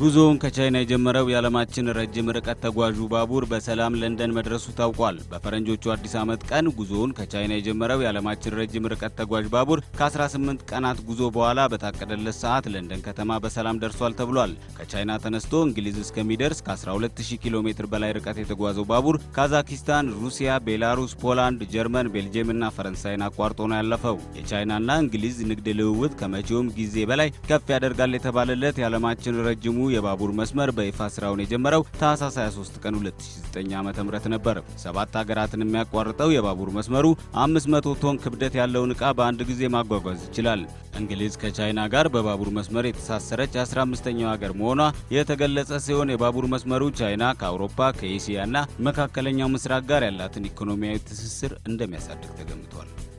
ጉዞውን ከቻይና የጀመረው የዓለማችን ረጅም ርቀት ተጓዡ ባቡር በሰላም ለንደን መድረሱ ታውቋል። በፈረንጆቹ አዲስ ዓመት ቀን ጉዞውን ከቻይና የጀመረው የዓለማችን ረጅም ርቀት ተጓዥ ባቡር ከ18 ቀናት ጉዞ በኋላ በታቀደለት ሰዓት ለንደን ከተማ በሰላም ደርሷል ተብሏል። ከቻይና ተነስቶ እንግሊዝ እስከሚደርስ ከ120 ኪሎ ሜትር በላይ ርቀት የተጓዘው ባቡር ካዛኪስታን፣ ሩሲያ፣ ቤላሩስ፣ ፖላንድ፣ ጀርመን፣ ቤልጅየም እና ፈረንሳይን አቋርጦ ነው ያለፈው። የቻይናና እንግሊዝ ንግድ ልውውጥ ከመቼውም ጊዜ በላይ ከፍ ያደርጋል የተባለለት የዓለማችን ረጅሙ የባቡር መስመር በይፋ ስራውን የጀመረው ታህሳስ 23 ቀን 2009 ዓ.ም ነበር። ሰባት ሀገራትን የሚያቋርጠው የባቡር መስመሩ 500 ቶን ክብደት ያለውን ዕቃ በአንድ ጊዜ ማጓጓዝ ይችላል። እንግሊዝ ከቻይና ጋር በባቡር መስመር የተሳሰረች 15ኛው ሀገር መሆኗ የተገለጸ ሲሆን የባቡር መስመሩ ቻይና ከአውሮፓ ከኤሲያና መካከለኛው ምስራቅ ጋር ያላትን ኢኮኖሚያዊ ትስስር እንደሚያሳድግ ተገምቷል።